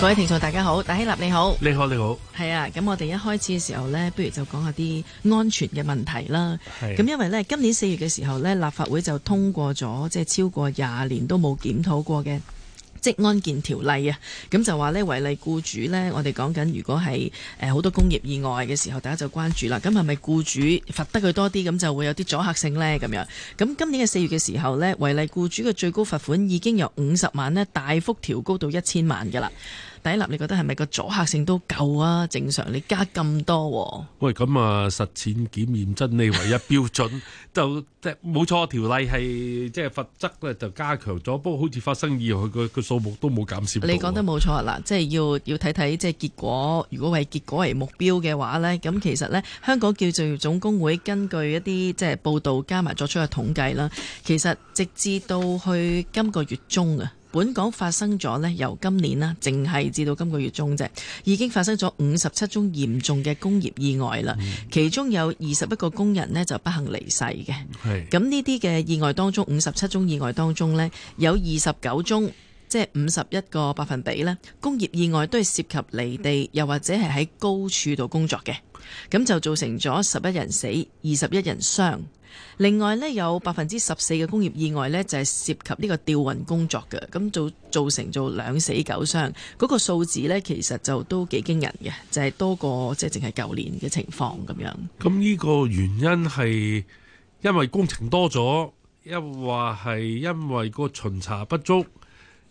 各位聽眾大家好，大希立你好，你好你好，係啊，咁我哋一開始嘅時候咧，不如就講下啲安全嘅問題啦。係，咁因為咧，今年四月嘅時候咧，立法會就通過咗，即係超過廿年都冇檢討過嘅。職安健條例啊，咁就話呢，違例雇主呢，我哋講緊如果係誒好多工業意外嘅時候，大家就關注啦。咁係咪雇主罰得佢多啲，咁就會有啲阻嚇性呢？咁樣？咁今年嘅四月嘅時候呢，違例雇主嘅最高罰款已經由五十萬呢，大幅調高到一千萬噶啦。抵立，你覺得係咪個阻嚇性都夠啊？正常你加咁多，喂咁啊實踐檢驗真理唯一標準，就即係冇錯條例係即係罰則咧就加強咗，不過好似發生意外個個數目都冇減少。你講得冇錯啦，即係要要睇睇即係結果。如果為結果為目標嘅話咧，咁其實咧香港叫做業總工會根據一啲即係報道加埋作出嘅統計啦，其實直至到去今個月中啊，本港發生咗呢由今年啦，淨係至到今個月中啫，已經發生咗五十七宗嚴重嘅工業意外啦。其中有二十一個工人呢就不幸離世嘅。咁呢啲嘅意外當中，五十七宗意外當中呢，有二十九宗，即係五十一個百分比呢，工業意外都係涉及離地又或者係喺高處度工作嘅，咁就造成咗十一人死，二十一人傷。另外咧，有百分之十四嘅工業意外咧，就係、是、涉及呢個吊運工作嘅，咁造造成咗兩死九傷，嗰、那個數字呢其實就都幾驚人嘅，就係、是、多過即係淨係舊年嘅情況咁樣。咁呢個原因係因為工程多咗，抑或係因為個巡查不足。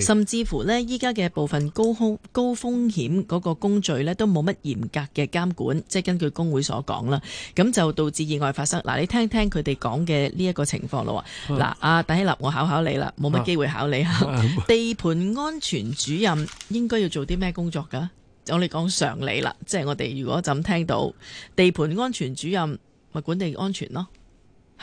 甚至乎呢，依家嘅部分高空高風險嗰個工序呢，都冇乜嚴格嘅監管，即係根據工會所講啦。咁就導致意外發生。嗱，你聽聽佢哋講嘅呢一個情況咯。嗱，阿戴希立，我考考你啦，冇乜機會考你、啊、地盤安全主任應該要做啲咩工作㗎？我哋講常理啦，即係我哋如果就咁聽到地盤安全主任，咪管地安全咯。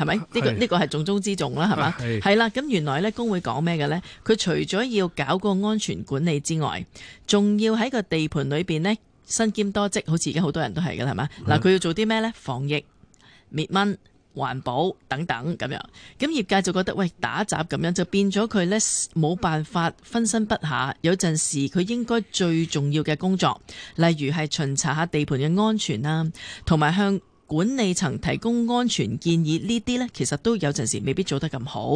係咪呢個呢、呢個係重中之重啦？係嘛，係啦。咁原來咧工會講咩嘅咧？佢除咗要搞嗰個安全管理之外，仲要喺個地盤裏邊呢，身兼多職，好似而家好多人都係嘅，係嘛。嗱，佢要做啲咩咧？防疫、滅蚊、環保等等咁樣。咁業界就覺得喂，打雜咁樣，就變咗佢咧冇辦法分身不下。有陣時佢應該最重要嘅工作，例如係巡查下地盤嘅安全啦，同埋向。管理層提供安全建議呢啲呢，其實都有陣時未必做得咁好。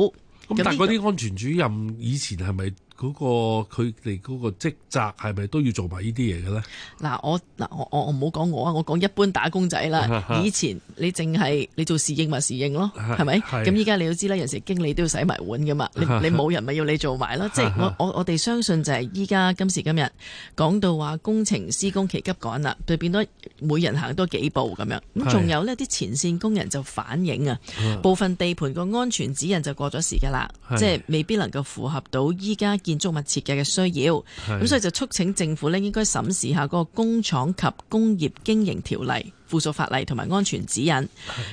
咁但係嗰啲安全主任以前係咪？嗰、那個佢哋嗰個職責係咪都要做埋呢啲嘢嘅咧？嗱，我嗱我我我唔好講我啊，我講一般打工仔啦。 以前你淨係你做侍應咪侍應咯，係 咪不是？咁依家你都知啦，有時經理都要洗埋碗噶嘛。 你你冇人咪要你做埋咯。 即係我我我哋相信就係依家今時今日講到話工程施工期急趕啦，對，變咗每人行多幾步咁樣。咁 仲有呢啲前線工人就反映啊， 部分地盤個安全指引就過咗時㗎啦， 即係未必能夠符合到依家。建築物設計嘅需要咁，所以就促請政府咧，應該審視下嗰個工廠及工業經營條例附屬法例同埋安全指引，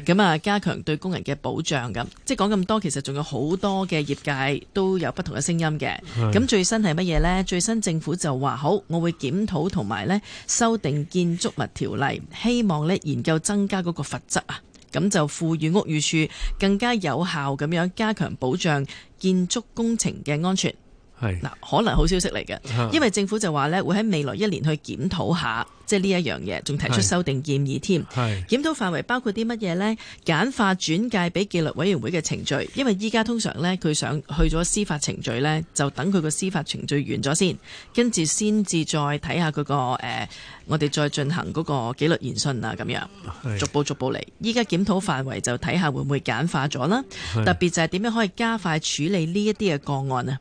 咁啊，加強對工人嘅保障。咁即係講咁多，其實仲有好多嘅業界都有不同嘅聲音嘅。咁最新係乜嘢呢？最新政府就話好，我會檢討同埋呢修訂建築物條例，希望呢研究增加嗰個罰則啊，咁就賦予屋宇處更加有效咁樣加強保障建築工程嘅安全。嗱，可能好消息嚟嘅，因為政府就話咧，會喺未來一年去檢討下。即係呢一樣嘢，仲提出修訂建議添。檢討範圍包括啲乜嘢呢？簡化轉介俾紀律委員會嘅程序，因為依家通常呢，佢想去咗司法程序呢，就等佢個司法程序完咗先，跟住先至再睇下佢、嗰個誒、呃，我哋再進行嗰個紀律研訊啊，咁樣逐步逐步嚟。依家檢討範圍就睇下會唔會簡化咗啦，特別就係點樣可以加快處理呢一啲嘅個案啊，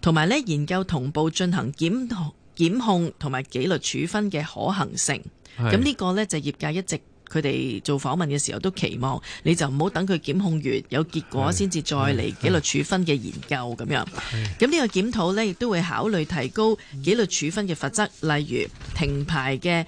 同埋呢，研究同步進行檢討。檢控同埋紀律處分嘅可行性，咁呢個呢，就業界一直佢哋做訪問嘅時候都期望，你就唔好等佢檢控完有結果先至再嚟紀律處分嘅研究咁樣。咁呢個檢討呢，亦都會考慮提高紀律處分嘅罰則，例如停牌嘅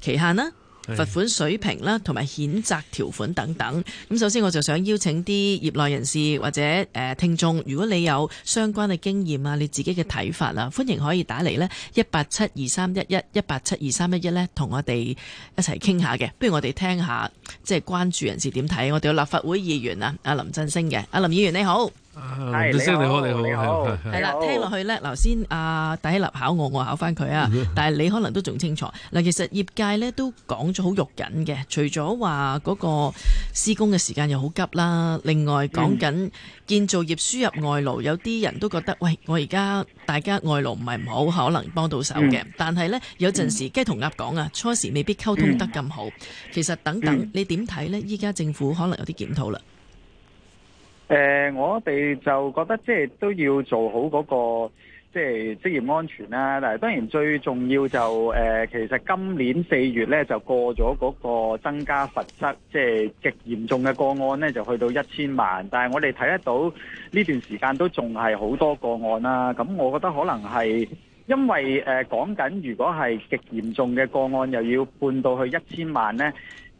期限啦。罰款水平啦，同埋譴責條款等等。咁首先，我就想邀請啲業內人士或者誒、呃、聽眾，如果你有相關嘅經驗啊，你自己嘅睇法啊，歡迎可以打嚟呢一八七二三一一一八七二三一一呢，同我哋一齊傾下嘅。不如我哋聽下即係、就是、關注人士點睇？我哋有立法會議員啊，阿林振昇嘅，阿林議員你好。係你好，你好，你好。係啦，聽落去咧，頭先，阿戴立考我，我考翻佢啊。但係你可能都仲清楚。嗱，其實業界咧都講咗好肉緊嘅，除咗話嗰個施工嘅時間又好急啦。另外講緊建造業輸入外勞，有啲人都覺得喂，我而家大家外勞唔係唔好，可能幫到手嘅。但係咧有陣時雞同鴨講啊，初時未必溝通得咁好。其實等等，你點睇咧？依家政府可能有啲檢討啦。誒、呃，我哋就覺得即係都要做好嗰、那個即係職業安全啦。但係當然最重要就誒、呃，其實今年四月咧就過咗嗰個增加罰則，即係極嚴重嘅個案咧就去到一千萬。但係我哋睇得到呢段時間都仲係好多個案啦。咁我覺得可能係因為誒講緊，呃、如果係極嚴重嘅個案又要判到去一千萬咧。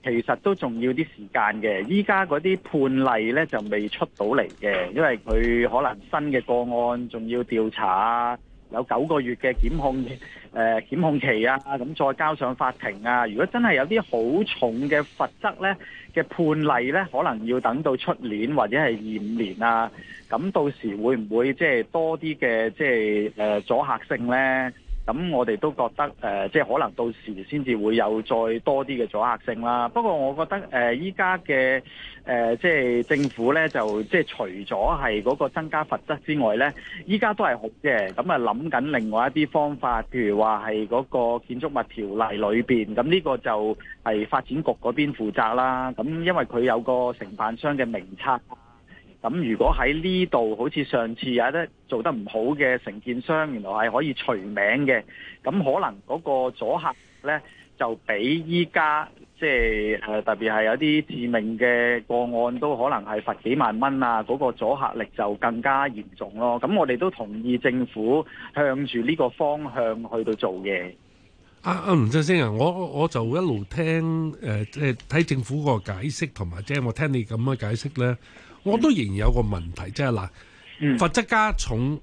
其實都仲要啲時間嘅，依家嗰啲判例呢，就未出到嚟嘅，因為佢可能新嘅個案仲要調查啊，有九個月嘅檢控誒、呃、檢控期啊，咁再交上法庭啊。如果真係有啲好重嘅罰則呢，嘅判例呢，可能要等到出年或者係二五年啊。咁到時會唔會即係多啲嘅即係誒阻嚇性呢？咁我哋都覺得誒、呃，即係可能到時先至會有再多啲嘅阻嚇性啦。不過我覺得誒，依家嘅誒，即係政府咧，就即係除咗係嗰個增加罰則之外咧，依家都係好嘅。咁啊，諗緊另外一啲方法，譬如話係嗰個建築物條例裏面，咁呢個就係發展局嗰邊負責啦。咁因為佢有個承辦商嘅名冊。咁如果喺呢度好似上次有一啲做得唔好嘅承建商，原來係可以除名嘅，咁可能嗰個阻嚇力咧就比依家即係特別係有啲致命嘅個案都可能係罰幾萬蚊啊，嗰、嗰個阻嚇力就更加嚴重咯。咁我哋都同意政府向住呢個方向去到做嘢。啊。啊林振昇啊，我我就一路聽誒，即係睇政府個解釋，同埋即係我聽你咁嘅解釋咧。我都仍然有個問題，即係嗱，罰則加重、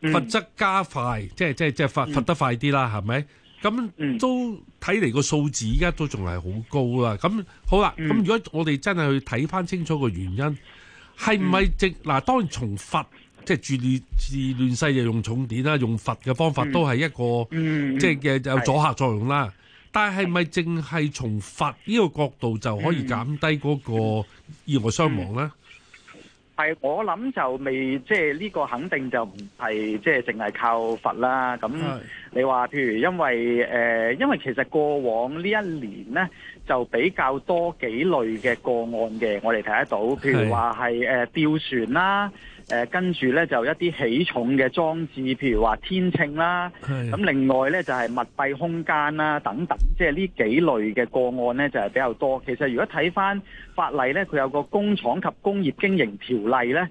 罰則加快，嗯、即係即係即係罰、嗯、罰得快啲啦，係咪？咁、嗯、都睇嚟個數字依家都仲係好高啦。咁好啦，咁、嗯、如果我哋真係去睇翻清楚個原因，係唔係即嗱？當然從罰即係治亂治亂世，就用重典啦，用罰嘅方法都係一個，嗯、即係嘅有阻嚇作用啦。但係咪淨係從罰呢個角度就可以減低嗰個意外傷亡咧？嗯嗯嗯係，我諗就未，即係呢個肯定就唔係，即係淨係靠罰啦。咁你話，譬如因為誒、呃，因為其實過往呢一年咧就比較多幾類嘅個案嘅，我哋睇得到，譬如話係誒吊船啦。誒、呃、跟住呢，就一啲起重嘅裝置，譬如話天秤啦，咁另外呢，就係密閉空間啦等等，即係呢幾類嘅個案呢，就係、是、比較多。其實如果睇翻法例呢，佢有個工廠及工業經營條例呢。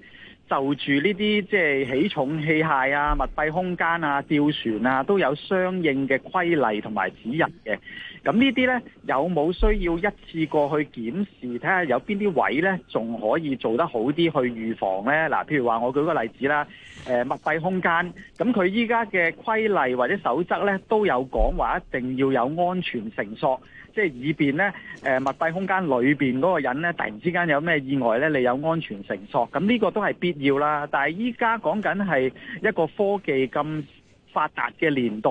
就住呢啲即係起重器械啊、密閉空間啊、吊船啊，都有相應嘅規例同埋指引嘅。咁呢啲呢，有冇需要一次過去檢視，睇下有邊啲位呢，仲可以做得好啲去預防呢？嗱，譬如話我舉個例子啦，誒，密閉空間，咁佢依家嘅規例或者守則呢，都有講話一定要有安全繩索。即係以便咧，誒，密閉空間裏面嗰個人咧，突然之間有咩意外咧，你有安全繩索，咁呢個都係必要啦。但係依家講緊係一個科技咁發達嘅年代，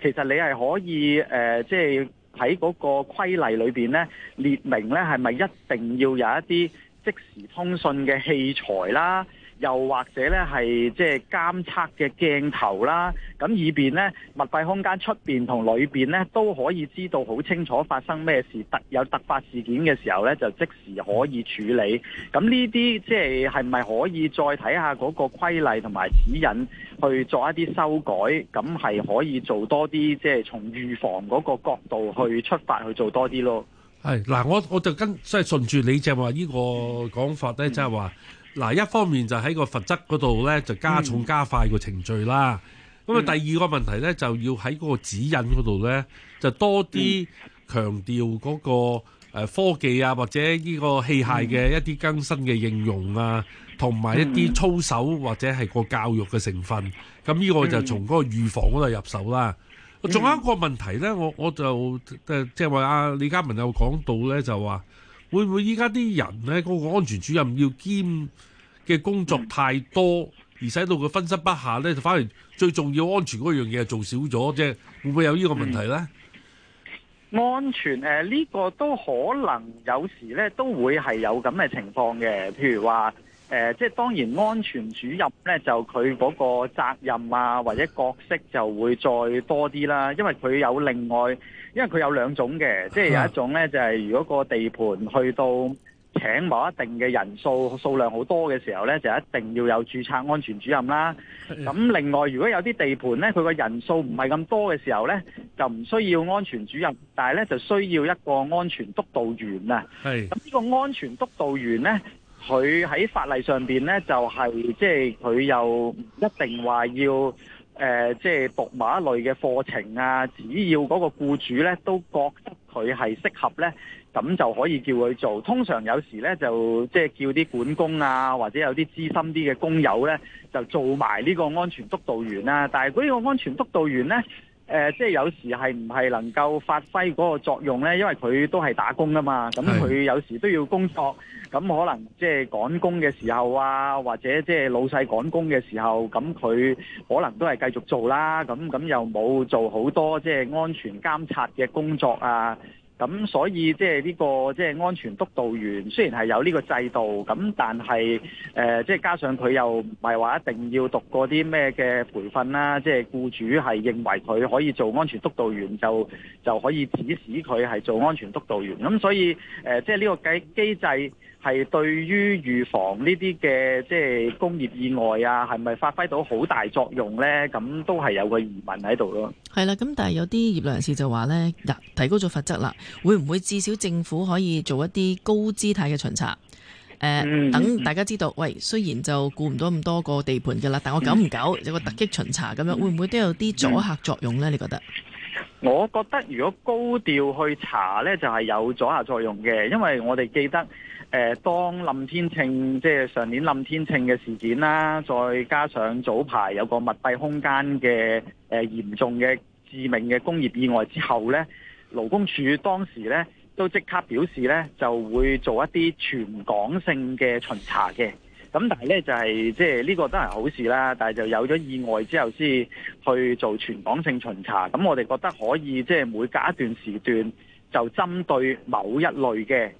其實你係可以誒，即係喺嗰個規例裏面咧，列明咧，係咪一定要有一啲即時通訊嘅器材啦？又或者呢，係即係監測嘅鏡頭啦，咁以便呢，密閉空間出面同裏面呢，都可以知道好清楚發生咩事，有突發事件嘅時候呢，就即時可以處理。咁呢啲即係係咪可以再睇下嗰個規例同埋指引，去做一啲修改？咁係可以做多啲，即係從預防嗰個角度去出發去做多啲咯。係嗱，我我就跟即係順住你正話呢個講法呢，即係話。就是嗱、啊，一方面就喺個罰則嗰度咧，就加重加快個程序啦。咁、嗯、啊，第二個問題咧，就要喺個個指引嗰度咧，就多啲強調嗰、那個、呃、科技啊，或者呢個器械嘅一啲更新嘅應用啊，同、嗯、埋一啲操守、嗯、或者係個教育嘅成分。咁、嗯、呢個就從嗰個預防嗰度入手啦。仲、嗯、有一個問題咧，我我就即係話阿李家文有講到咧，就話。會唔會依家啲人呢？嗰個，個安全主任要兼嘅工作太多，嗯、而使到佢分身不暇呢？就反而最重要安全嗰樣嘢做少咗，即係會唔會有呢個問題呢？嗯、安全、誒、呢、呃這個都可能有時呢都會係有咁嘅情況嘅，譬如話。誒、呃，即係當然，安全主任呢，就佢嗰個責任啊，或者角色就會再多啲啦。因為佢有另外，因為佢有兩種嘅，即係有一種呢，就係、是、如果個地盤去到請某一定嘅人數數量好多嘅時候呢，就一定要有註冊安全主任啦。咁另外，如果有啲地盤呢，佢個人數唔係咁多嘅時候呢，就唔需要安全主任，但係呢，就需要一個安全督導員啊。係，咁呢個安全督導員呢。佢喺法例上邊、就、呢、是，就係即係佢又唔一定話要誒，即、呃、係、就是、讀某一類嘅課程啊。只要嗰個僱主呢都覺得佢係適合呢，咁就可以叫佢做。通常有時呢，就即、是、係叫啲管工啊，或者有啲資深啲嘅工友呢，就做埋呢個安全督導員啦、啊。但係嗰個安全督導員呢。誒、呃，即係有時係唔係能夠發揮嗰個作用呢？因為佢都係打工㗎嘛，咁佢有時都要工作，咁可能即係趕工嘅時候啊，或者即係老細趕工嘅時候，咁佢可能都係繼續做啦。咁咁又冇做好多即係安全監察嘅工作啊。咁所以即係呢個，即係安全督導員，雖然係有呢個制度，咁但係誒，即係加上佢又唔係話一定要讀過啲咩嘅培訓啦，即係雇主係認為，佢可以做安全督導員，就就可以指使佢係做安全督導員，咁所以誒，即係呢個計機制。係對於預防呢啲嘅即係工業意外啊，係咪發揮到好大作用呢？咁都係有個疑問喺度咯。係啦，咁但係有啲業內人士就話呢，提高咗罰則啦，會唔會至少政府可以做一啲高姿態嘅巡查？誒、呃嗯，等大家知道。嗯、喂，雖然就顧唔到咁多個地盤噶啦，但我久唔久、嗯、有個突擊巡查咁樣、嗯，會唔會都有啲阻嚇作用呢？你覺得？我覺得如果高調去查呢，就係、是、有阻嚇作用嘅，因為我哋記得。誒、呃、當冧天秤，即係上年冧天秤嘅事件啦，再加上早排有個密閉空間嘅誒、呃、嚴重嘅致命嘅工業意外之後呢，勞工處當時呢都即刻表示呢就會做一啲全港性嘅巡查嘅。咁但係呢，就係、係、即係呢、呢個都係好事啦，但係就有咗意外之後先去做全港性巡查。咁我哋覺得可以即係每隔一段時段就針對某一類嘅。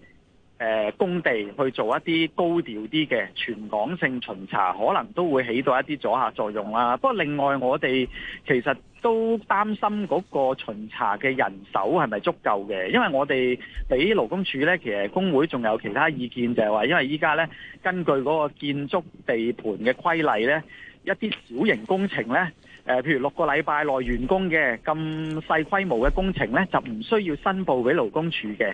誒、呃、工地去做一啲高調啲嘅全港性巡查，可能都會起到一啲阻嚇作用啦、啊。不過另外，我哋其實都擔心嗰個巡查嘅人手係咪足夠嘅？因為我哋俾勞工處呢，其實工會仲有其他意見，就係話因為依家呢，根據嗰個建築地盤嘅規例呢，一啲小型工程呢，誒、呃、譬如六個禮拜內完工嘅咁細規模嘅工程呢，就唔需要申報俾勞工處嘅。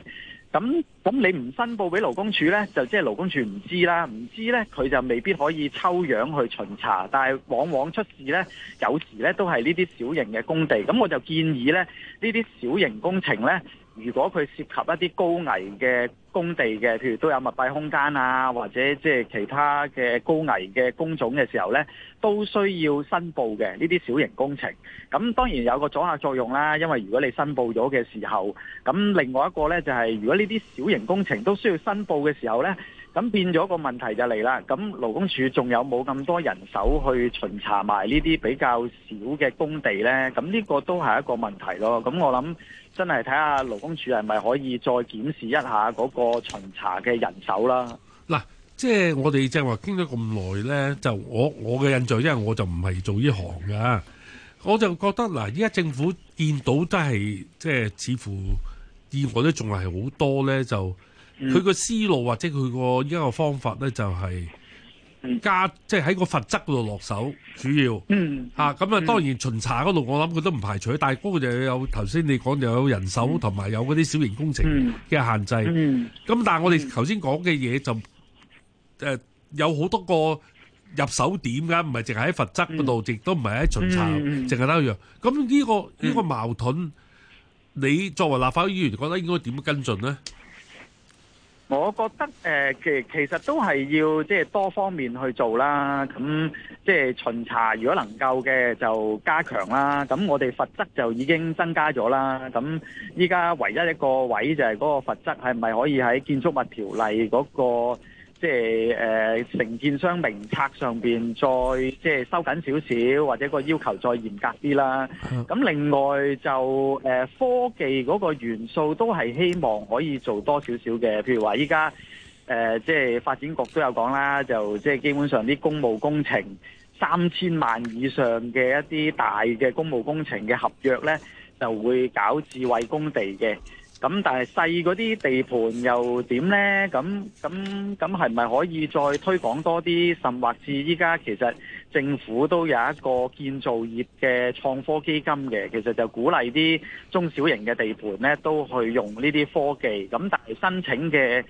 咁咁你唔申報俾勞工處咧，就即係勞工處唔知啦，唔知咧，佢就未必可以抽樣去巡查，但係往往出事咧，有時咧都係呢啲小型嘅工地，咁我就建議咧，呢啲小型工程咧。如果佢涉及一啲高危嘅工地嘅，譬如都有密閉空間啊，或者即係其他嘅高危嘅工種嘅時候咧，都需要申報嘅呢啲小型工程。咁當然有個阻嚇作用啦，因為如果你申報咗嘅時候，咁另外一個咧就係、是、如果呢啲小型工程都需要申報嘅時候咧。咁變咗個問題就嚟啦，咁勞工處仲有冇咁多人手去巡查埋呢啲比較少嘅工地呢？咁呢個都係一個問題咯。咁我諗真係睇下勞工處係咪可以再檢視一下嗰個巡查嘅人手啦。嗱，即係我哋正話傾咗咁耐呢，就我我嘅印象，因為我就唔係做呢行㗎。我就覺得嗱，依家政府見到真係即係似乎意外都仲係好多呢，就。佢個思路或者佢個依家個方法咧，就係加即係喺個罰則嗰度落手，主要吓咁、嗯嗯、啊。當然巡查嗰度，我諗佢都唔排除，但係個就有頭先你講，就有人手同埋、嗯、有嗰啲小型工程嘅限制。咁、嗯嗯嗯嗯嗯、但係我哋頭先講嘅嘢就誒有好多個入手點噶，唔係淨係喺罰則嗰度，亦都唔係喺巡查，淨係得樣。咁、嗯、呢、嗯這個呢、這個矛盾、嗯，你作為立法會議員，覺得應該點樣跟進咧？我覺得誒其其實都係要即係多方面去做啦，咁即係巡查，如果能夠嘅就加強啦。咁我哋罰則就已經增加咗啦。咁依家唯一一個位就係嗰個罰則係咪可以喺建築物條例嗰個？即係誒承建商名冊上面再即係、就是、收緊少少，或者個要求再嚴格啲啦。咁另外就誒、呃、科技嗰個元素都係希望可以做多少少嘅，譬如話依家誒即係發展局都有講啦，就即係基本上啲公務工程三千萬以上嘅一啲大嘅公務工程嘅合約咧，就會搞智慧工地嘅。咁但係細嗰啲地盤又點呢？咁咁咁係咪可以再推廣多啲？甚至依家其實政府都有一個建造業嘅創科基金嘅，其實就鼓勵啲中小型嘅地盤咧都去用呢啲科技。咁但係申請嘅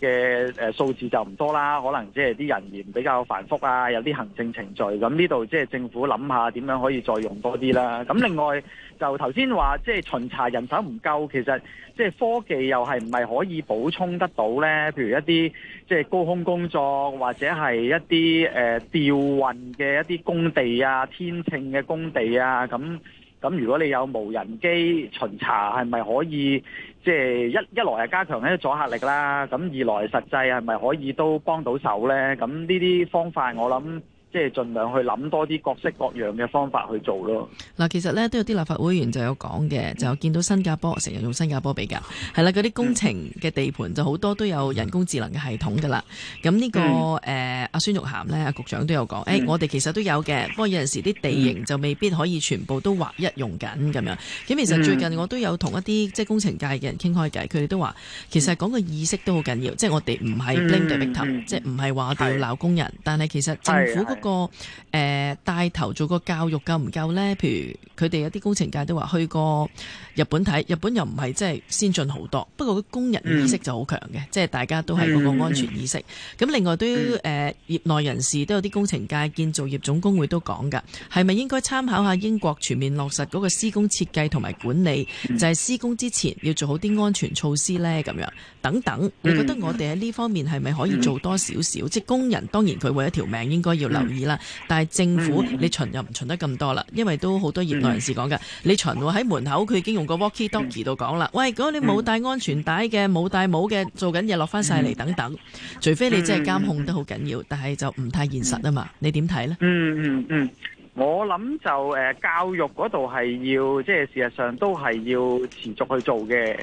嘅誒數字就唔多啦，可能即係啲人員比較繁複啊，有啲行政程序咁，呢度即係政府諗下點樣可以再用多啲啦。咁另外就頭先話即係巡查人手唔夠，其實即係科技又係唔係可以補充得到呢？譬如一啲即係高空工作或者係一啲誒吊運嘅一啲工地啊、天秤嘅工地啊咁。咁如果你有無人機巡查，係咪可以即係、就是、一一來係加強呢啲阻嚇力啦？咁二來實際係咪可以都幫到手咧？咁呢啲方法我諗。即係盡量去諗多啲各式各樣嘅方法去做咯。嗱，其實咧都有啲立法會議員就有講嘅，就見到新加坡成日用新加坡比較，係啦，嗰啲工程嘅地盤就好多都有人工智能嘅系統㗎啦。咁呢、這個誒阿、嗯呃、孫玉菡呢，阿局長都有講，誒、嗯欸、我哋其實都有嘅，不過有陣時啲地形就未必可以全部都劃一用緊咁樣。咁其實最近我都有同一啲即係工程界嘅人傾開偈，佢哋都話其實講個意識都好緊要，即係我哋唔係 blame the victim，即係唔係話要鬧工人，但係其實政府個誒帶頭做個教育夠唔夠呢？譬如佢哋有啲工程界都話去過日本睇，日本又唔係即係先進好多，不過工人意識就好強嘅，嗯，即係大家都係嗰個安全意識。咁、嗯、另外都誒、呃、業內人士都有啲工程界、建造業總工會都講噶，係咪應該參考下英國全面落實嗰個施工設計同埋管理，就係、是、施工之前要做好啲安全措施呢。咁樣等等，你覺得我哋喺呢方面係咪可以做多少少，嗯？即係工人當然佢為一條命應該要留意。嗯啦，但係政府你巡又唔巡得咁多啦，因為都好多業內人士講嘅，你巡喺門口，佢已經用個 walkie talkie 度講啦，喂，如果你冇帶安全帶嘅，冇戴帽嘅，做緊嘢落翻晒嚟等等，除非你真係監控得好緊要，但係就唔太現實啊嘛，你點睇呢？嗯嗯嗯，我諗就誒教育嗰度係要，即係事實上都係要持續去做嘅。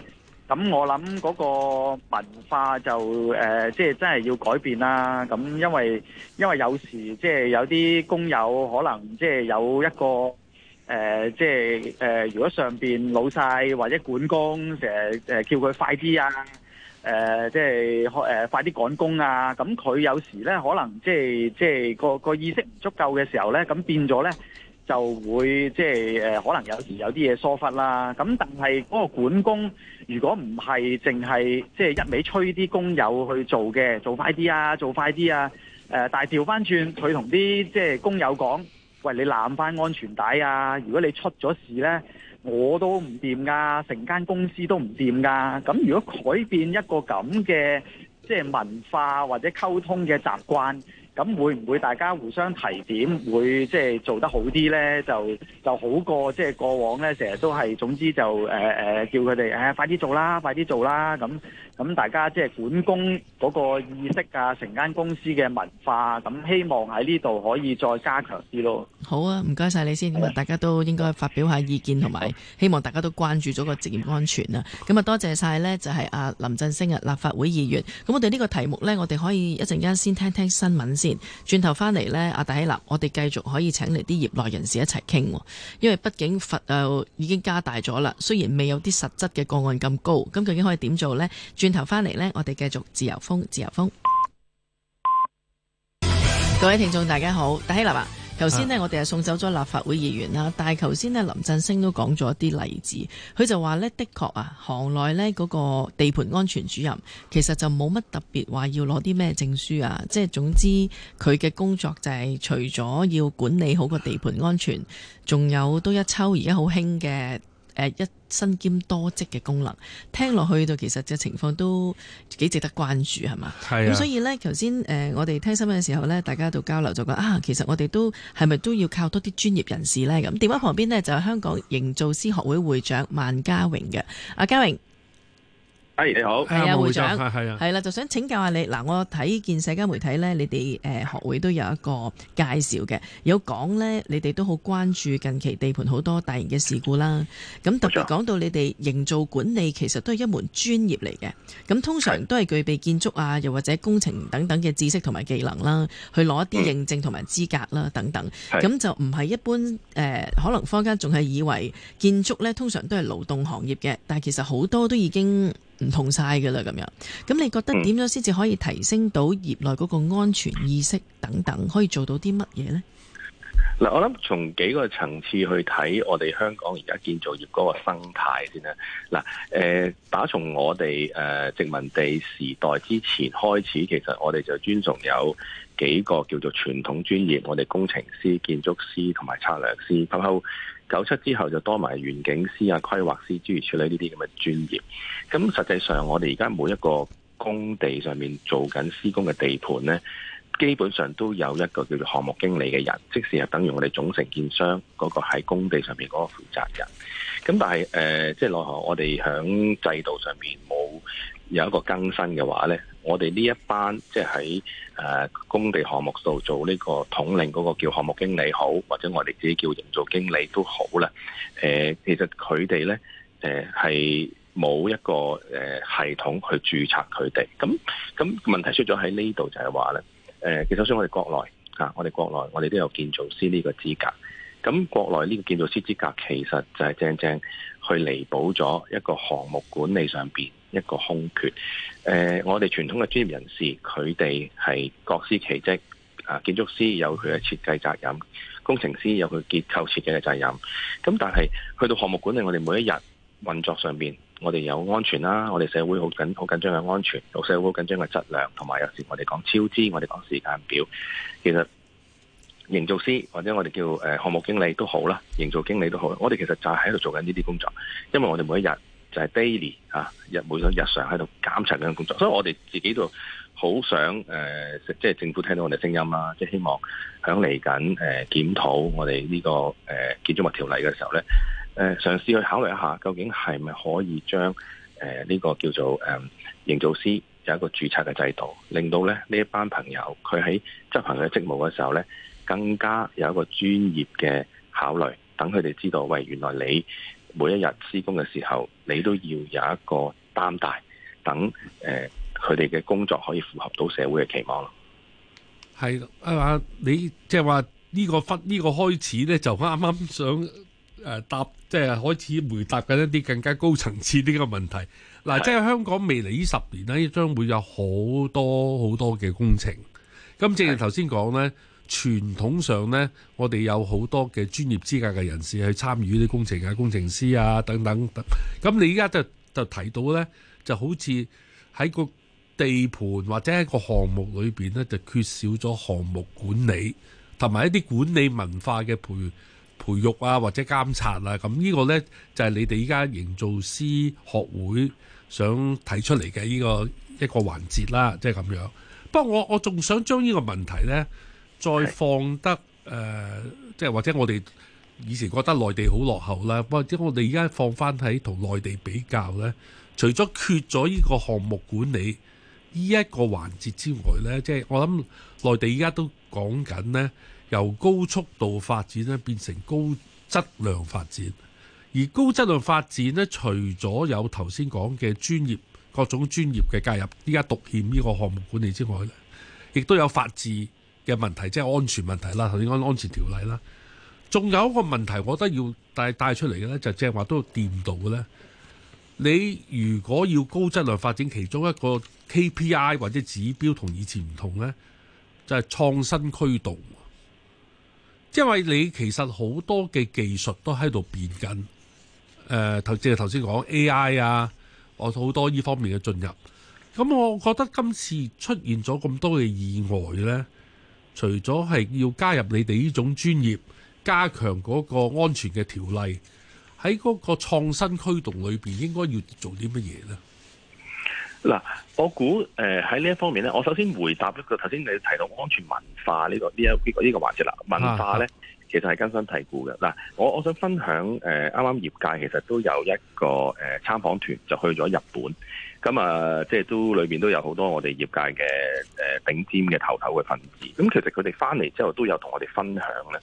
咁我諗嗰個文化就誒，即、呃、係、就是、真係要改變啦。咁因為因為有時即係、就是、有啲工友可能即係、就是、有一個誒，即係誒，如果上邊老細或者管工成日叫佢快啲啊，誒即係誒快啲趕工啊，咁佢有時咧可能即係即係個個意識唔足夠嘅時候咧，咁變咗咧就會即係誒，可能有時有啲嘢疏忽啦。咁但係嗰個管工。如果唔係淨係即係一味催啲工友去做嘅，做快啲啊，做快啲啊，誒，但係調翻轉，佢同啲即係工友講：「喂，你攬翻安全帶啊！如果你出咗事咧，我都唔掂噶，成間公司都唔掂噶。」咁如果改變一個咁嘅即係文化或者溝通嘅習慣。咁會唔會大家互相提點，會即係做得好啲呢？就就好過即係、就是、過往呢。成日都係總之就誒誒、呃、叫佢哋、呃、快啲做啦，快啲做啦咁咁，大家即係管工嗰個意識啊，成間公司嘅文化，咁希望喺呢度可以再加強啲咯。好啊，唔該晒你先，咁啊大家都應該發表下意見同埋，嗯、希望大家都關注咗個職業安全啊。咁啊多謝晒呢就係阿林振昇嘅立法會議員。咁我哋呢個題目呢，我哋可以一陣間先聽聽新聞。先轉頭翻嚟呢，阿大希立，我哋繼續可以請嚟啲業內人士一齊傾，因為畢竟罰則、呃、已經加大咗啦，雖然未有啲實質嘅個案咁高，咁究竟可以點做呢？轉頭翻嚟呢，我哋繼續自由風，自由風。各位聽眾，大家好，大希立啊！頭先呢，我哋係送走咗立法會議員啦。但係頭先呢，林振昇都講咗一啲例子，佢就話呢，的確啊，行內呢嗰個地盤安全主任其實就冇乜特別話要攞啲咩證書啊。即係總之，佢嘅工作就係除咗要管理好個地盤安全，仲有都一抽而家好興嘅。誒一身兼多職嘅功能，聽落去到其實嘅情況都幾值得關注係嘛？咁所以呢，頭先誒我哋聽新聞嘅時候呢，大家喺度交流就講啊，其實我哋都係咪都要靠多啲專業人士呢？咁電話旁邊呢，就係、是、香港營造師學會會長萬家榮嘅阿、啊係，你好，係啊，會長，係啊，係啦，啊啊，就想請教下你，嗱，我睇見社交媒體呢，你哋誒、呃、學會都有一個介紹嘅，有講呢，你哋都好關注近期地盤好多大型嘅事故啦，咁特別講到你哋營造管理，其實都係一門專業嚟嘅，咁通常都係具備建築啊，又或者工程等等嘅知識同埋技能啦，去攞一啲認證同埋資格啦，等等，咁就唔係一般誒、呃，可能坊間仲係以為建築呢，通常都係勞動行業嘅，但係其實好多都已經。唔同晒嘅啦，咁樣，咁你覺得點樣先至可以提升到業內嗰個安全意識等等，可以做到啲乜嘢呢？嗱、嗯，我諗從幾個層次去睇我哋香港而家建造業嗰個生態先啦。嗱，誒，打從我哋誒殖民地時代之前開始，其實我哋就尊重有幾個叫做傳統專業，我哋工程師、建築師同埋測量師，後後。九七之後就多埋園景師啊、規劃師之類處理呢啲咁嘅專業。咁實際上我哋而家每一個工地上面做緊施工嘅地盤呢，基本上都有一個叫做項目經理嘅人，即使係等於我哋總承建商嗰、嗰個喺工地上面嗰個負責人。咁但係即係內行，呃就是、我哋響制度上面冇。有一個更新嘅話呢，我哋呢一班即係喺誒工地項目度做呢個統領嗰個叫項目經理好，或者我哋自己叫營造經理都好啦。誒，其實佢哋呢誒係冇一個誒系統去註冊佢哋。咁咁問題出咗喺呢度就係話呢，誒，其實首先我哋國內嚇，我哋國內我哋都有建造師呢個資格。咁國內呢個建造師資格其實就係正正。去彌補咗一個項目管理上面一個空缺。誒、呃，我哋傳統嘅專業人士，佢哋係各司其職。啊，建築師有佢嘅設計責任，工程師有佢結構設計嘅責任。咁但係去到項目管理，我哋每一日運作上面，我哋有安全啦、啊，我哋社會好緊好緊張嘅安全，有社會好緊張嘅質量，同埋有，有時我哋講超支，我哋講時間表，其實營造師或者我哋叫誒項目經理都好啦，營造經理都好，我哋其實就係喺度做緊呢啲工作，因為我哋每一就是日就係 daily 啊，日每日日常喺度監察嗰項工作，所以我哋自己都好想誒，即、呃、係、就是、政府聽到我哋聲音啦，即、就、係、是、希望響嚟緊誒檢討我哋呢、這個誒、呃、建築物條例嘅時候咧，誒嘗試去考慮一下究竟係咪可以將誒呢個叫做誒營、呃、造師有一個注冊嘅制度，令到咧呢一班朋友佢喺執行嘅職務嘅時候咧。更加有一個專業嘅考慮，等佢哋知道，喂，原來你每一日施工嘅時候，你都要有一個擔戴，等誒佢哋嘅工作可以符合到社會嘅期望咯。係啊，你即係話呢個忽呢、呢個開始呢，就啱啱想誒、啊、答，即、就、係、是、開始回答緊一啲更加高層次呢個問題。嗱、啊，即係香港未嚟呢十年呢，將會有好多好多嘅工程。咁正如頭先講呢。傳統上呢，我哋有好多嘅專業資格嘅人士去參與啲工程啊，工程師啊等等。咁你依家就就提到呢，就好似喺個地盤或者喺個項目裏邊呢，就缺少咗項目管理同埋一啲管理文化嘅培培育啊，或者監察啊。咁呢個呢，就係你哋依家營造師學會想提出嚟嘅呢個一個環節啦，即係咁樣。不過我我仲想將呢個問題呢。再放得誒，呃，即係或者我哋以前覺得內地好落後啦。或者我哋而家放翻喺同內地比較咧，除咗缺咗呢個項目管理呢一個環節之外咧，即係我諗內地依家都講緊咧，由高速度發展咧變成高質量發展。而高質量發展咧，除咗有頭先講嘅專業各種專業嘅介入，依家獨欠呢個項目管理之外呢，亦都有法治。嘅問題，即係安全問題啦。頭先講安全條例啦，仲有一個問題，我覺得要帶，帶出嚟嘅呢，就即係話都要掂到嘅呢。你如果要高質量發展，其中一個 KPI 或者指標同以前唔同呢，就係創新驅動，因為你其實好多嘅技術都喺度變緊。誒、呃，即係頭先講 AI 啊，我好多呢方面嘅進入咁，我覺得今次出現咗咁多嘅意外呢。除咗係要加入你哋呢種專業，加強嗰個安全嘅條例，喺嗰個創新驅動裏邊，應該要做啲乜嘢呢？嗱、啊，我估誒喺呢一方面呢，我首先回答一個頭先你提到安全文化呢、呢個呢一、呢個呢、呢個呢個環節啦。文化呢、啊、其實係根深蒂固嘅。嗱、啊，我我想分享誒啱啱業界其實都有一個誒、呃、參訪團就去咗日本。咁、嗯、啊、呃，即係都裏面都有好多我哋業界嘅誒、呃、頂尖嘅頭頭嘅份子。咁、嗯、其實佢哋返嚟之後都有同我哋分享咧。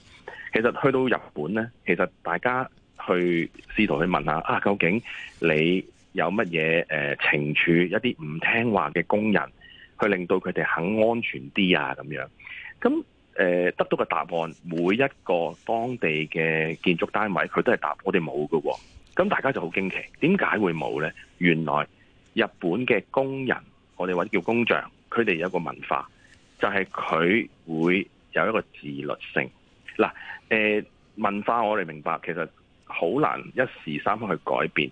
其實去到日本咧，其實大家去試圖去問下啊，究竟你有乜嘢誒懲處一啲唔聽話嘅工人，去令到佢哋肯安全啲啊咁樣。咁、嗯、誒、呃、得到嘅答案，每一個當地嘅建築單位佢都係答我哋冇㗎喎。咁、嗯、大家就好驚奇，點解會冇咧？原來。日本嘅工人，我哋或者叫工匠，佢哋有一個文化，就係佢會有一個自律性。嗱，誒文化我哋明白，其實好難一時三刻去改變。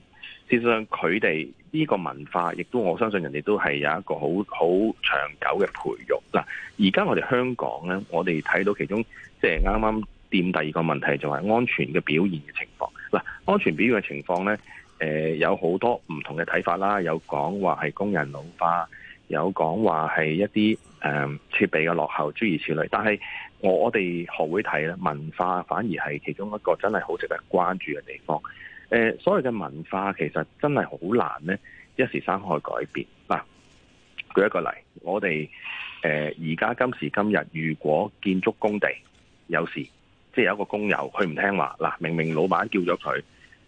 事實上，佢哋呢個文化，亦都我相信人哋都係有一個好好長久嘅培育。嗱，而家我哋香港咧，我哋睇到其中即係啱啱掂第二個問題，就係安全嘅表現嘅情況。嗱，安全表現嘅情況咧。誒、呃，有好多唔同嘅睇法啦，有講話係工人老化，有講話係一啲誒設備嘅落後，諸如此類。但係我哋學會睇咧，文化反而係其中一個真係好值得關注嘅地方。呃、所謂嘅文化其實真係好難呢，一時三刻去改變。嗱、啊，舉一個例，我哋而家今時今日，如果建築工地有時即係、就是、有一個工友佢唔聽話，嗱、啊，明明老闆叫咗佢。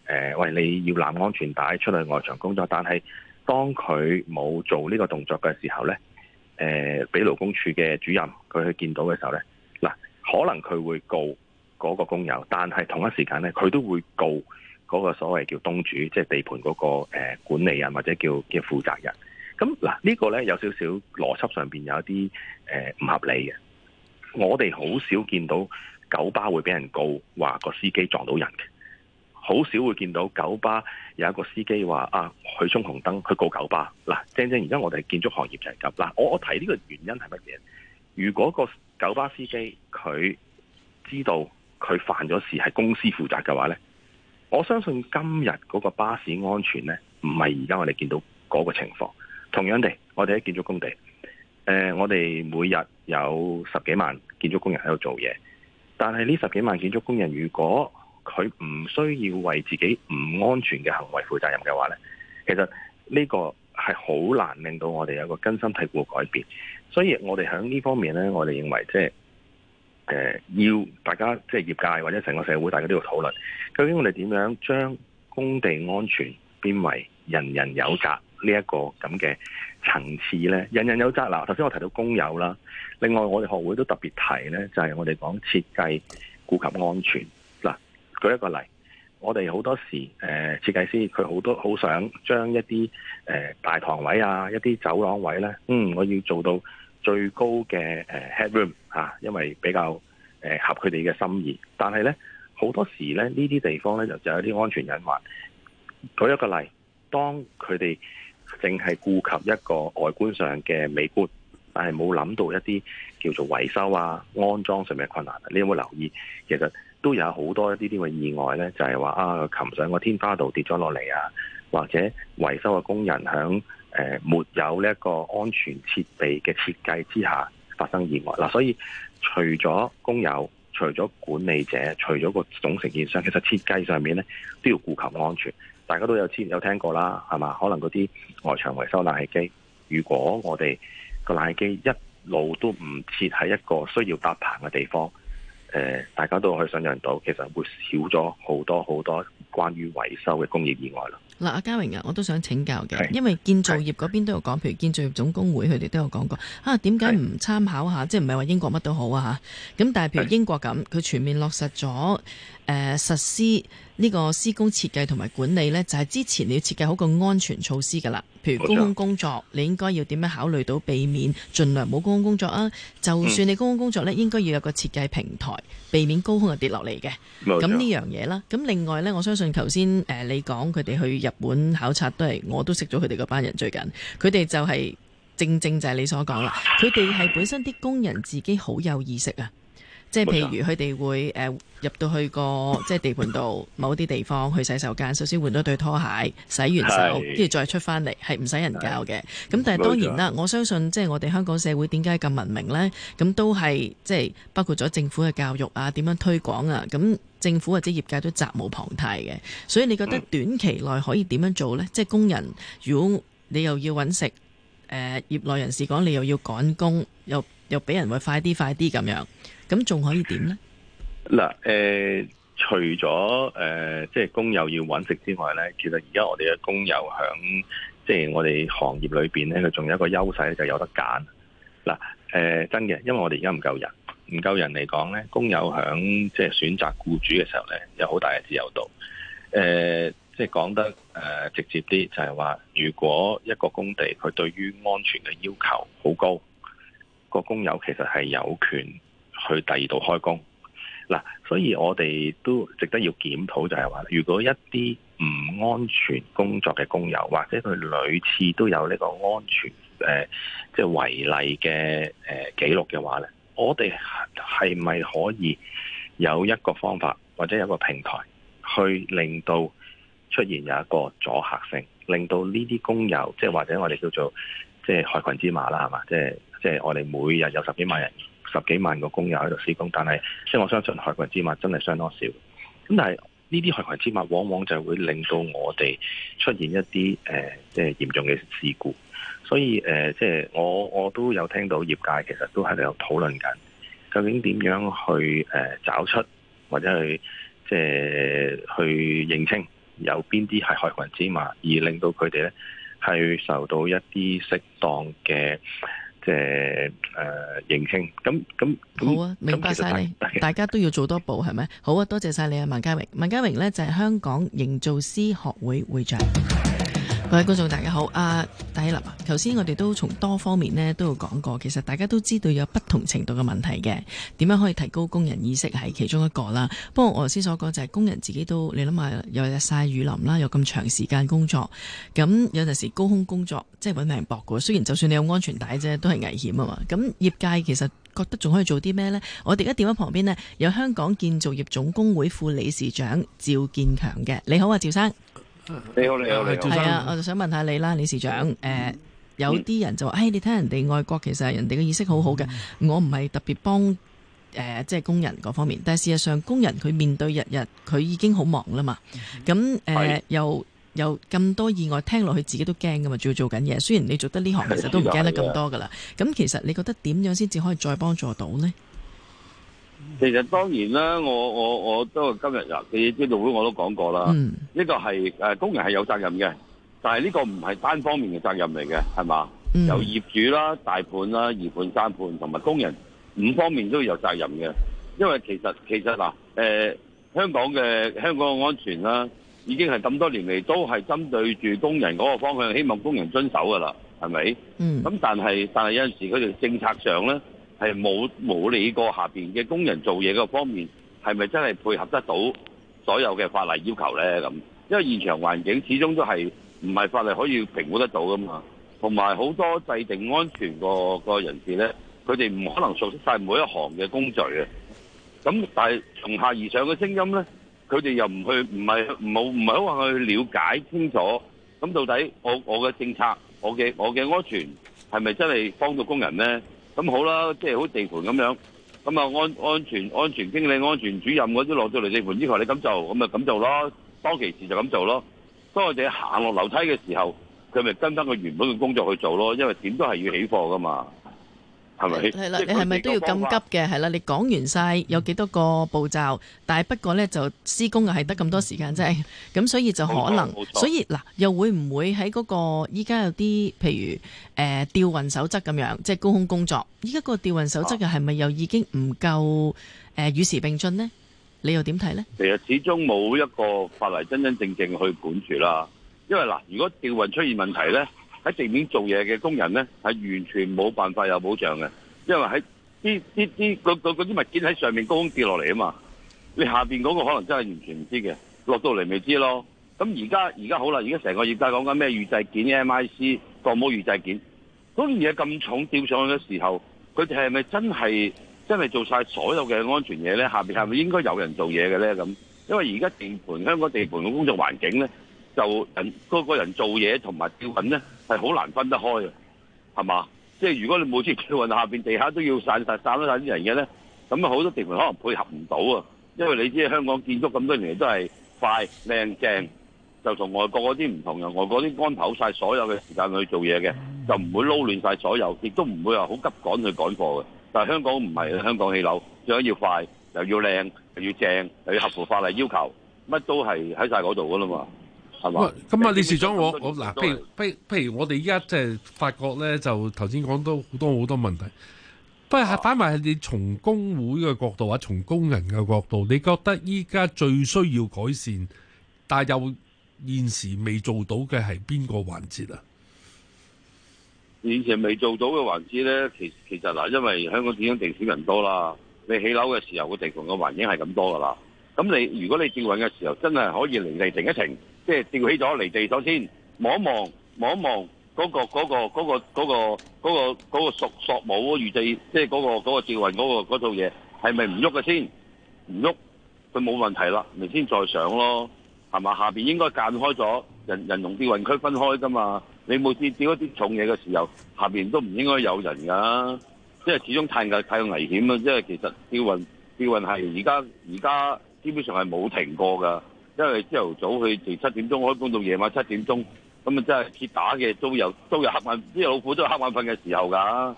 誒，喂！你要攬安全帶出去外牆工作，但係當佢冇做呢個動作嘅時候呢誒，俾、呃、勞工處嘅主任佢去見到嘅時候呢嗱，可能佢會告嗰個工友，但係同一時間呢佢都會告嗰個所謂叫東主，即、就、係、是、地盤嗰、那個、呃、管理人或者叫嘅負責人。咁嗱，呢、呃、這個呢，有少少邏輯上面有一啲誒唔合理嘅。我哋好少見到九巴會俾人告話個司機撞到人嘅。好少會見到九巴有一個司機話啊，去衝紅燈，去告九巴。嗱，正正而家我哋建築行業就係咁。嗱，我我提呢個原因係乜嘢？如果個九巴司機佢知道佢犯咗事係公司負責嘅話呢，我相信今日嗰個巴士安全呢，唔係而家我哋見到嗰個情況。同樣地，我哋喺建築工地，呃，我哋每日有十幾萬建築工人喺度做嘢，但係呢十幾萬建築工人如果，佢唔需要為自己唔安全嘅行為負責任嘅話呢，其實呢個係好難令到我哋有個根深蒂固嘅改變。所以我哋喺呢方面呢，我哋認為即係呃，要大家即係業界或者成個社會，大家都要討論究竟我哋點樣將工地安全變為人人有責呢一個咁嘅層次呢，人人有責。嗱，頭先我提到工友啦，另外我哋學會都特別提呢，就係我哋講設計顧及安全。舉一個例，我哋好多時，誒、呃，設計師佢好多好想將一啲誒、呃、大堂位啊，一啲走廊位呢，嗯，我要做到最高嘅誒 headroom、啊、因為比較誒、呃、合佢哋嘅心意。但係呢，好多時呢呢啲地方呢，就就有啲安全隱患。舉一個例，當佢哋淨係顧及一個外觀上嘅美觀，但係冇諗到一啲叫做維修啊、安裝上面嘅困難。你有冇留意？其實。都有好多一啲啲嘅意外呢，就係話啊，琴上個天花度跌咗落嚟啊，或者維修嘅工人喺誒沒有呢一個安全設備嘅設計之下發生意外嗱。啊，所以除咗工友，除咗管理者，除咗個總承建商，其實設計上面呢都要顧及安全。大家都有知有聽過啦，係嘛？可能嗰啲外牆維修冷氣機，如果我哋個冷氣機一路都唔設喺一個需要搭棚嘅地方。誒、呃，大家都可以想象到，其實會少咗好多好多關於維修嘅工業意外咯。嗱、啊，阿家榮啊，我都想請教嘅，因為建造業嗰邊都有講，譬如建造業總工會佢哋都有講過，啊，點解唔參考下？是即係唔係話英國乜都好啊吓？咁但係譬如英國咁，佢全面落實咗誒、呃，實施。呢個施工設計同埋管理呢，就係之前你要設計好個安全措施㗎啦。譬如高空工作，你應該要點樣考慮到避免，盡量冇高空工作啊。就算你高空工作呢、嗯，應該要有個設計平台，避免高空啊跌落嚟嘅。咁呢樣嘢啦。咁另外呢，我相信頭先、呃、你講佢哋去日本考察都係，我都識咗佢哋嗰班人最近，佢哋就係正正就係你所講啦。佢哋係本身啲工人自己好有意識啊。即係譬如佢哋會誒、 呃、入到去個即係地盤度某啲地方去洗手間， 首先換咗對拖鞋，洗完手，跟 住再出翻嚟，係唔使人教嘅。咁 但係當然啦， 我相信即係我哋香港社會點解咁文明呢？咁都係即係包括咗政府嘅教育啊，點樣推廣啊？咁政府或者業界都責無旁貸嘅。所以你覺得短期內可以點樣做呢？ 即係工人，如果你又要揾食，誒、呃、業內人士講你又要趕工，又又俾人會快啲快啲咁樣。咁仲可以點呢？嗱，誒，除咗誒，即係工友要揾食之外呢，其實而家我哋嘅工友響，即係我哋行業裏邊呢，佢仲有一個優勢，就有得揀。嗱，呃，誒，真嘅，因為我哋而家唔夠人，唔夠人嚟講呢，工友響即係選擇僱主嘅時候呢，有好大嘅自由度。誒，呃，即係講得誒，呃，直接啲，就係話，如果一個工地佢對於安全嘅要求好高，個工友其實係有權。去第二度開工嗱、啊，所以我哋都值得要檢討就係話，如果一啲唔安全工作嘅工友，或者佢屢次都有呢個安全誒即係違例嘅誒記錄嘅話咧，我哋係咪可以有一個方法，或者有一個平台，去令到出現有一個阻嚇性，令到呢啲工友，即係或者我哋叫做即係、就是、害群之馬啦，係嘛？即係即係我哋每日有十幾萬人。十幾萬個工人喺度施工，但係即係我相信害群之馬真係相當少。咁但係呢啲害群之馬往往就會令到我哋出現一啲誒即係嚴重嘅事故。所以誒，即、呃、係、就是、我我都有聽到業界其實都喺度有討論緊，究竟點樣去誒、呃、找出或者去即係、就是、去認清有邊啲係害群之馬，而令到佢哋咧係受到一啲適當嘅。即係誒認清，咁咁好啊！明白晒你，大家都要做多步係咪？ 好啊！多謝晒你啊，孟家榮。孟家榮咧就係香港營造師學會會長。各位觀眾，大家好。阿戴立，頭先，啊、我哋都從多方面呢都有講過，其實大家都知道有不同程度嘅問題嘅。點樣可以提高工人意識係其中一個啦。不過我頭先所講就係、是、工人自己都，你諗下又日曬雨淋啦，又咁長時間工作，咁有陣時高空工作即係揾命搏嘅。雖然就算你有安全帶啫，都係危險啊嘛。咁業界其實覺得仲可以做啲咩呢？我哋而家電話旁邊呢，有香港建造業總工會副理事長趙建強嘅。你好啊，趙生。你好，啊、你好，你好，啊、你係啊，我就想問下你啦，理事長。誒、呃嗯，有啲人就話，誒、哎，你睇人哋外國其實人哋嘅意識好好嘅，嗯。我唔係特別幫誒，即係工人嗰方面，但係事實上工人佢面對日日佢已經好忙啦嘛。咁、嗯、誒、嗯呃，又有咁多意外，聽落去自己都驚噶嘛，仲要做緊嘢。雖然你做得呢行，其實都唔驚得咁多噶啦。咁 其實你覺得點樣先至可以再幫助到呢？其實當然啦，我我我都今日嗱，記者招待會我都講過啦，嗯、mm. 呢個係誒、呃、工人係有責任嘅，但係呢個唔係單方面嘅責任嚟嘅，係嘛？Mm. 由業主啦、大判啦、二判、三判同埋工人五方面都要有責任嘅，因為其實其實嗱，誒、呃、香港嘅香港嘅安全啦、啊，已經係咁多年嚟都係針對住工人嗰個方向，希望工人遵守噶啦，係咪？咁、mm. 但係但係有陣時佢哋政策上咧。係冇冇理過下面嘅工人做嘢嘅方面係咪真係配合得到所有嘅法例要求呢？咁因為現場環境始終都係唔係法例可以評估得到噶嘛，同埋好多制定安全個人士呢，佢哋唔可能熟悉晒每一行嘅工序。咁但係從下而上嘅聲音呢，佢哋又唔去，唔係唔冇唔係好話去了解清楚。咁到底我我嘅政策，我嘅我嘅安全係咪真係幫到工人呢？咁好啦，即係好地盤咁樣，咁啊安安全安全經理、安全主任嗰啲落咗嚟地盤之後，你咁做，咁咪咁做咯。當其時就咁做咯。當我哋行落樓梯嘅時候，佢咪跟返佢原本嘅工作去做咯，因為點都係要起貨㗎嘛。係咪？係啦，你係咪都要咁急嘅？係啦，你講完晒，有幾多個步驟？但係不過呢，就施工又係得咁多時間啫。咁所以就可能，所以嗱，又會唔會喺嗰個依家有啲譬如誒、呃、吊運守則咁樣，即係高空工作。依家個吊運守則又係咪又已經唔夠誒、呃、與時並進呢？你又點睇呢？其實始終冇一個法例真真正正去管住啦。因為嗱，如果吊運出現問題呢。喺地面做嘢嘅工人咧，係完全冇辦法有保障嘅，因為喺啲啲啲嗰嗰啲物件喺上面高空跌落嚟啊嘛，你下面嗰個可能真係完全唔知嘅，落到嚟未知咯。咁而家而家好啦，而家成個業界講緊咩預製件 MIC 鋼模預製件，嗰件嘢咁重吊上去嘅時候，佢哋係咪真係真係做晒所有嘅安全嘢咧？下面係咪應該有人做嘢嘅咧？咁，因為而家地盤香港地盤嘅工作環境咧。就人嗰個人做嘢同埋吊運咧，係好難分得開嘅，係嘛？即係如果你每次吊運下面地下都要散散散一散啲人嘅咧，咁啊好多地盤可能配合唔到啊，因為你知香港建築咁多年嚟都係快靚正，就同外國嗰啲唔同，嘅外國啲安排晒曬所有嘅時間去做嘢嘅，就唔會撈亂曬所有，亦都唔會話好急趕去趕貨嘅。但香港唔係，香港起樓，最緊要快又要靚又要正又要合乎法例要求，乜都係喺晒嗰度噶啦嘛。咁啊，理事長，我我嗱，譬如譬譬如我哋依家即係發覺咧，就頭先講到好多好多問題。不過擺埋你從工會嘅角度啊，或從工人嘅角度，你覺得依家最需要改善，但係又現時未做到嘅係邊個環節啊？現時未做到嘅環節咧，其其實嗱，因為香港點樣地少人多啦。你起樓嘅時候，個地盤嘅環境係咁多噶啦。咁你如果你叫運嘅時候，真係可以零零停一停。即係吊起咗離地，首先望一望，望一望嗰個嗰個嗰個嗰個嗰個嗰個索索母預製，即係嗰個嗰個吊運嗰個嗰套嘢係咪唔喐嘅先？唔喐，佢冇問題啦。咪先再上咯，係嘛？下邊應該間開咗人，人同吊運區分開㗎嘛。你每次吊一啲重嘢嘅時候，下邊都唔應該有人㗎，即係始終太太危險啦。即係其實吊運吊運係而家而家基本上係冇停過㗎。因為朝頭早去，從七點鐘開工到夜晚七點鐘，咁啊真係鐵打嘅，都有都有黑晚，啲老虎都有黑晚瞓嘅時候㗎，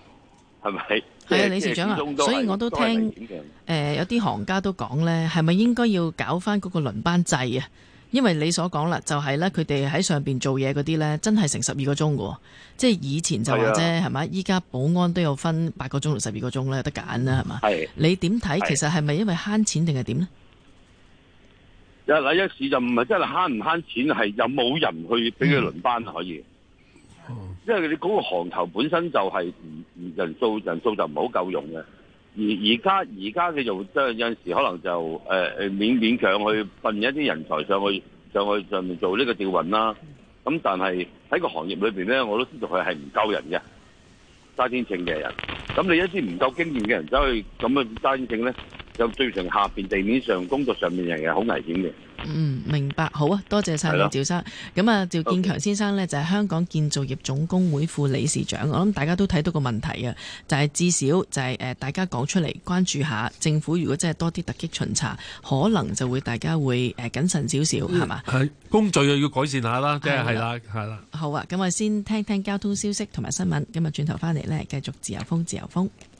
係咪？係啊，李市長啊，啊，所以我聽都聽誒、呃、有啲行家都講咧，係咪應該要搞翻嗰個輪班制啊？因為你所講啦，就係咧，佢哋喺上面做嘢嗰啲咧，真係成十二個鐘㗎喎，即係以前就話啫，係咪、啊？依家保安都有分八個鐘同十二個鐘啦，有得揀啦，係嘛、啊？你點睇、啊？其實係咪因為慳錢定係點咧？一時就唔係真係慳唔慳錢，係有冇人去俾佢輪班可以？因為佢哋嗰個行頭本身就係唔唔人數，人數就唔好夠用嘅。而而家而家佢就即係有陣時可能就誒誒、呃、勉勉強去揾一啲人才上去上去上面做呢個調運啦。咁、嗯、但係喺個行業裏邊咧，我都知道佢係唔夠人嘅。揸天秤嘅人，咁、嗯、你一啲唔夠經驗嘅人走去咁樣揸天秤咧？就追成下邊地面上工作上面，人係好危險嘅。嗯，明白，好啊，多謝晒趙生。咁啊，趙建強先生呢，就係、是、香港建造業總工會副理事長。我諗大家都睇到個問題啊，就係、是、至少就係誒，大家講出嚟關注下政府，如果真係多啲突擊巡查，可能就會大家會誒謹慎少少，係、嗯、嘛？工序又要改善下啦，即係係啦，係啦。好啊，咁我先聽聽交通消息同埋新聞。咁轉頭翻嚟呢，繼續自由風，自由風。